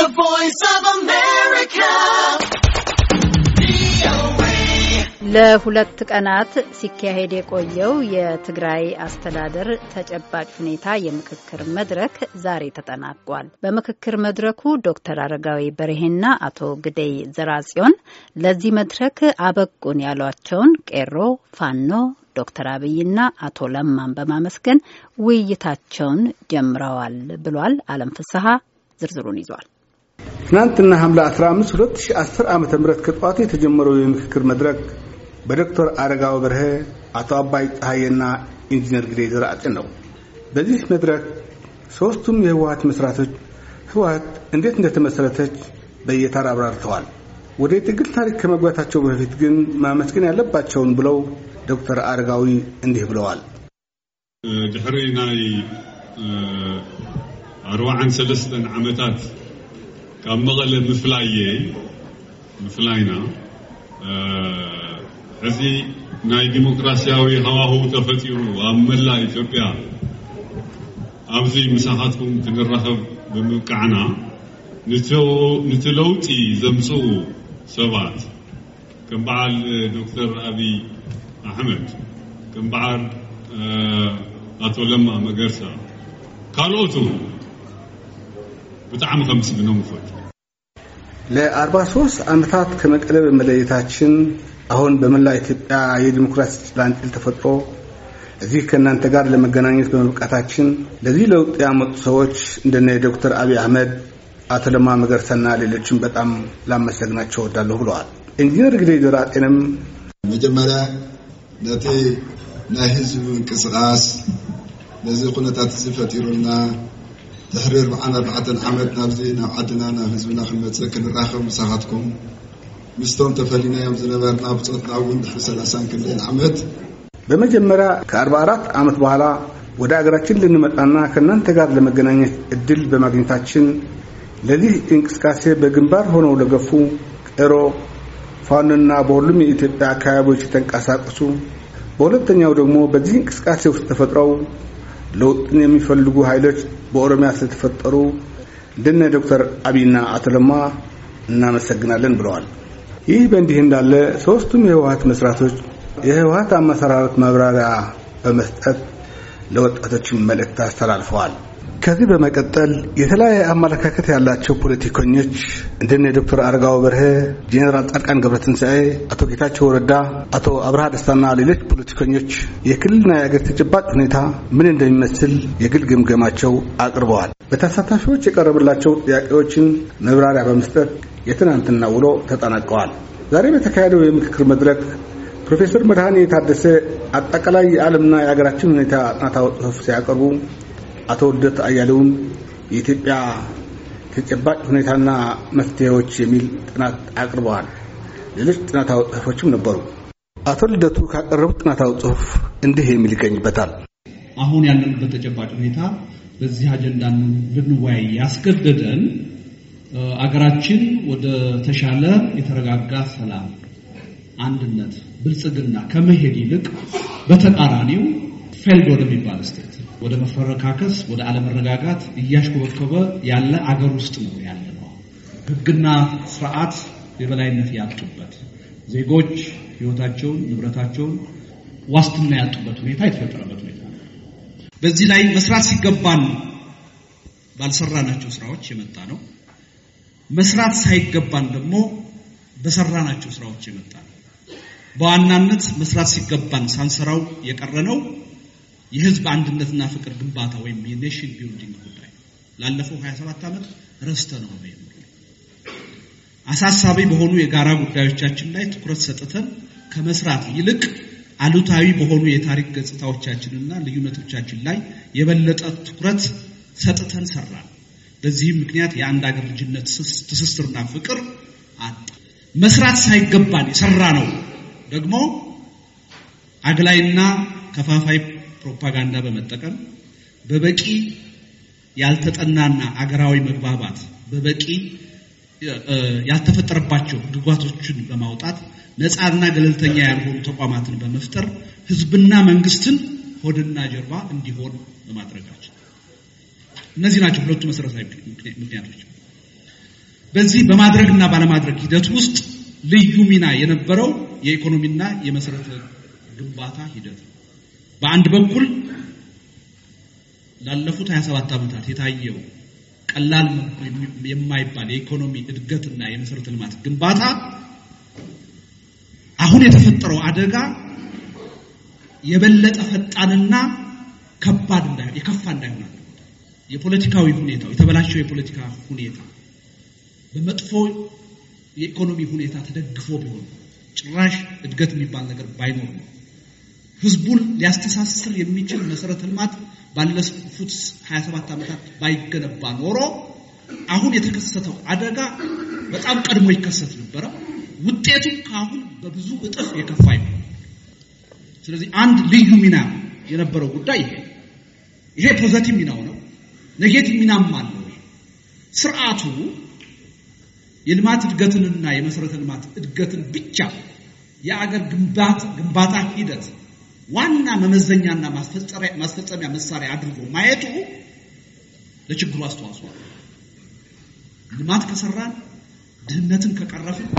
The Voice of America. ለሁለት ቀናት ሲካሄድ የቆየው የትግራይ አስተዳደር ተጨባጭ ሁኔታ የምክክር መድረክ ዛሬ ተጠናቋል። በምክክር መድረኩ ዶክተር አረጋዊ በርሄና አቶ ግደይ ዘራጽዮን ለዚህ መድረክ አበቁን ያሏቸውን ቄሮ፣ ፋኖ፣ ዶክተር አብይና አቶ ለማን በማመስገን ውይይታቸውን ጀምረዋል ብሏል። አለም ፍስሀ ዝርዝሩን ይዟል። ትናንትና ሐምላ 15 2010 ዓመተ ምህረት ከጠዋቱ የተጀመረው የምክክር መድረክ በዶክተር አረጋው በርሀ አቶ አባይ ፀሐይና ኢንጂነር ግዴ ዘርአጽ ነው። በዚህ መድረክ ሶስቱም የህወሀት መስራቶች ህወሀት እንዴት እንደተመሰረተች በየታር አብራርተዋል። ወደ ትግል ታሪክ ከመግባታቸው በፊት ግን ማመስገን ያለባቸውን ብለው ዶክተር አረጋዊ እንዲህ ብለዋል። ድሕሪ ናይ ዓመታት ካብ መቐለ ምፍላይ እየ ምፍላይና ሕዚ ናይ ዲሞክራስያዊ ሃዋህው ተፈጢሩ ኣብ መላእ ኢትዮጵያ ኣብዚ ምሳኻትኩም ክንራኸብ ብምብቃዕና ነቲ ለውጢ ዘምፅኡ ሰባት ከም በዓል ዶክተር ኣብይ ኣሕመድ ከም በዓል ኣቶ ለማ መገርሳ ካልኦቱን ብጣዕሚ ከም ዝስግኖም ይኽእል ለአርባ ሶስት ዓመታት ከመቀለ መለየታችን አሁን በመላ ኢትዮጵያ የዲሞክራሲ ጭላንጭል ተፈጥሮ እዚህ ከእናንተ ጋር ለመገናኘት በመብቃታችን ለዚህ ለውጥ ያመጡ ሰዎች እንደነ ዶክተር አብይ አህመድ፣ አቶ ለማ መገርሰና ሌሎችም በጣም ላመሰግናቸው ወዳለሁ ብለዋል። ኢንጂነር ግዴ ዶራጤንም መጀመሪያ ነቲ ናይ ህዝብ ምንቅስቃስ ነዚ ኩነታት ዝፈጢሩና ድሕሪ 44 ዓመት ናብዚ ናብ ዓድና ናብ ህዝብና ክንመፅእ ክንራኸብ ምሳኻትኩም ምስቶም ተፈሊናዮም ዝነበርና ብፆትና እውን ድሕሪ ሰላሳን ክንደን ዓመት በመጀመሪያ ከ44 ዓመት በኋላ ወደ አገራችን ልንመጣና ከእናንተ ጋር ለመገናኘት እድል በማግኘታችን ለዚህ እንቅስቃሴ በግንባር ሆነው ለገፉ ቀሮ ፋኖና በሁሉም የኢትዮጵያ አካባቢዎች የተንቀሳቀሱ በሁለተኛው ደግሞ በዚህ እንቅስቃሴ ውስጥ ተፈጥረው ለውጥን የሚፈልጉ ኃይሎች በኦሮሚያ ስለተፈጠሩ እንደነ ዶክተር አብይና አቶ ለማ እናመሰግናለን ብለዋል። ይህ በእንዲህ እንዳለ ሶስቱም የህወሀት መስራቶች የህወሀት አመሰራረት ማብራሪያ በመስጠት ለወጣቶችን መልእክት አስተላልፈዋል። ከዚህ በመቀጠል የተለያየ አመለካከት ያላቸው ፖለቲከኞች እንደነ ዶክተር አረጋው በርሄ፣ ጄኔራል ጻድቃን ገብረትንሳኤ፣ አቶ ጌታቸው ወረዳ፣ አቶ አብርሃ ደስታና ሌሎች ፖለቲከኞች የክልልና የሀገር ተጨባጭ ሁኔታ ምን እንደሚመስል የግል ግምገማቸው አቅርበዋል። በተሳታፊዎች የቀረበላቸው ጥያቄዎችን መብራሪያ በመስጠት የትናንትና ውሎ ተጠናቀዋል። ዛሬ በተካሄደው የምክክር መድረክ ፕሮፌሰር መድኃኔ የታደሰ አጠቃላይ የዓለምና የሀገራችን ሁኔታ ጥናታዊ ጽሑፍ ሲያቀርቡ አቶ ልደት አያሌውን የኢትዮጵያ ተጨባጭ ሁኔታና መፍትሄዎች የሚል ጥናት አቅርበዋል። ሌሎች ጥናታዊ ጽሁፎችም ነበሩ። አቶ ልደቱ ካቀረቡት ጥናታዊ ጽሁፍ እንዲህ የሚል ይገኝበታል። አሁን ያለንበት ተጨባጭ ሁኔታ በዚህ አጀንዳ ልንወያይ ያስገደደን አገራችን ወደ ተሻለ የተረጋጋ ሰላም፣ አንድነት፣ ብልጽግና ከመሄድ ይልቅ በተቃራኒው ፌልድ ወደሚባል ስቴት ወደ መፈረካከስ፣ ወደ አለመረጋጋት እያሽኮበኮበ ያለ አገር ውስጥ ነው ያለ ነው። ህግና ስርዓት የበላይነት ያጡበት ዜጎች ህይወታቸውን፣ ንብረታቸውን ዋስትና ያጡበት ሁኔታ የተፈጠረበት ሁኔታ ነው። በዚህ ላይ መስራት ሲገባን ባልሰራናቸው ስራዎች የመጣ ነው። መስራት ሳይገባን ደግሞ በሰራናቸው ስራዎች የመጣ ነው። በዋናነት መስራት ሲገባን ሳንሰራው የቀረ ነው። የህዝብ አንድነትና ፍቅር ግንባታ ወይም የኔሽን ቢልዲንግ ጉዳይ ላለፈው 27 ዓመት ረስተ ነው ነው አሳሳቢ በሆኑ የጋራ ጉዳዮቻችን ላይ ትኩረት ሰጥተን ከመስራት ይልቅ አሉታዊ በሆኑ የታሪክ ገጽታዎቻችንና ልዩነቶቻችን ላይ የበለጠ ትኩረት ሰጥተን ሰራ። በዚህም ምክንያት የአንድ አገር ልጅነት ትስስርና ፍቅር አጣ። መስራት ሳይገባን የሰራ ነው ደግሞ አግላይና ከፋፋይ ፕሮፓጋንዳ በመጠቀም በበቂ ያልተጠናና አገራዊ መግባባት በበቂ ያልተፈጠረባቸው ግጓቶችን በማውጣት ነፃና ገለልተኛ ያልሆኑ ተቋማትን በመፍጠር ህዝብና መንግስትን ሆድና ጀርባ እንዲሆን በማድረጋቸው እነዚህ ናቸው ሁለቱ መሰረታዊ ምክንያቶች። በዚህ በማድረግና ባለማድረግ ሂደት ውስጥ ልዩ ሚና የነበረው የኢኮኖሚና የመሰረተ ግንባታ ሂደት ነው። በአንድ በኩል ላለፉት 27 ዓመታት የታየው ቀላል የማይባል የኢኮኖሚ እድገትና የመሰረተ ልማት ግንባታ አሁን የተፈጠረው አደጋ የበለጠ ፈጣንና ከባድ እንዳይሆን የከፋ እንዳይሆን አለ። የፖለቲካዊ ሁኔታው የተበላሸው የፖለቲካ ሁኔታ በመጥፎ የኢኮኖሚ ሁኔታ ተደግፎ ቢሆን ጭራሽ እድገት የሚባል ነገር ባይኖር ነው። ህዝቡን ሊያስተሳስር የሚችል መሰረተ ልማት ባለፉት 27 ዓመታት ባይገነባ ኖሮ አሁን የተከሰተው አደጋ በጣም ቀድሞ ይከሰት ነበረ። ውጤቱም ከአሁን በብዙ እጥፍ የከፋ ነው። ስለዚህ አንድ ልዩ ሚና የነበረው ጉዳይ ይሄ ይሄ ፖዘቲቭ ሚናው ነው። ኔጌቲቭ ሚናም አለው። ስርዓቱ የልማት እድገትንና የመሰረተ ልማት እድገትን ብቻ የአገር ግንባታ ሂደት ዋና መመዘኛና ማስፈጸሚያ መሳሪያ አድርጎ ማየቱ ለችግሩ አስተዋጽኦ አለው። ልማት ከሰራን፣ ድህነትን ከቀረፍን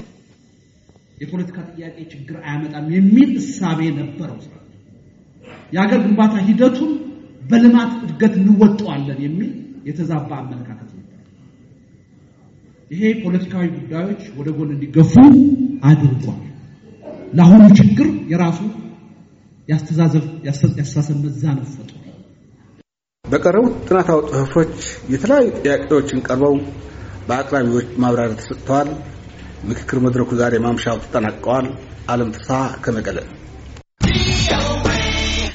የፖለቲካ ጥያቄ ችግር አያመጣም የሚል እሳቤ ነበረው። ስራ የሀገር ግንባታ ሂደቱን በልማት እድገት እንወጠዋለን የሚል የተዛባ አመለካከት ነበር። ይሄ ፖለቲካዊ ጉዳዮች ወደ ጎን እንዲገፉ አድርጓል። ለአሁኑ ችግር የራሱ ያስተዛዘብ ያስተሳሰብ መዛነፍ ፈጥሯል። በቀረቡት ጥናታዊ ጽሑፎች የተለያዩ ጥያቄዎችን ቀርበው በአቅራቢዎች ማብራሪያ ተሰጥተዋል። ምክክር መድረኩ ዛሬ ማምሻው ተጠናቀዋል። አለም ፍስሐ ከመቀለ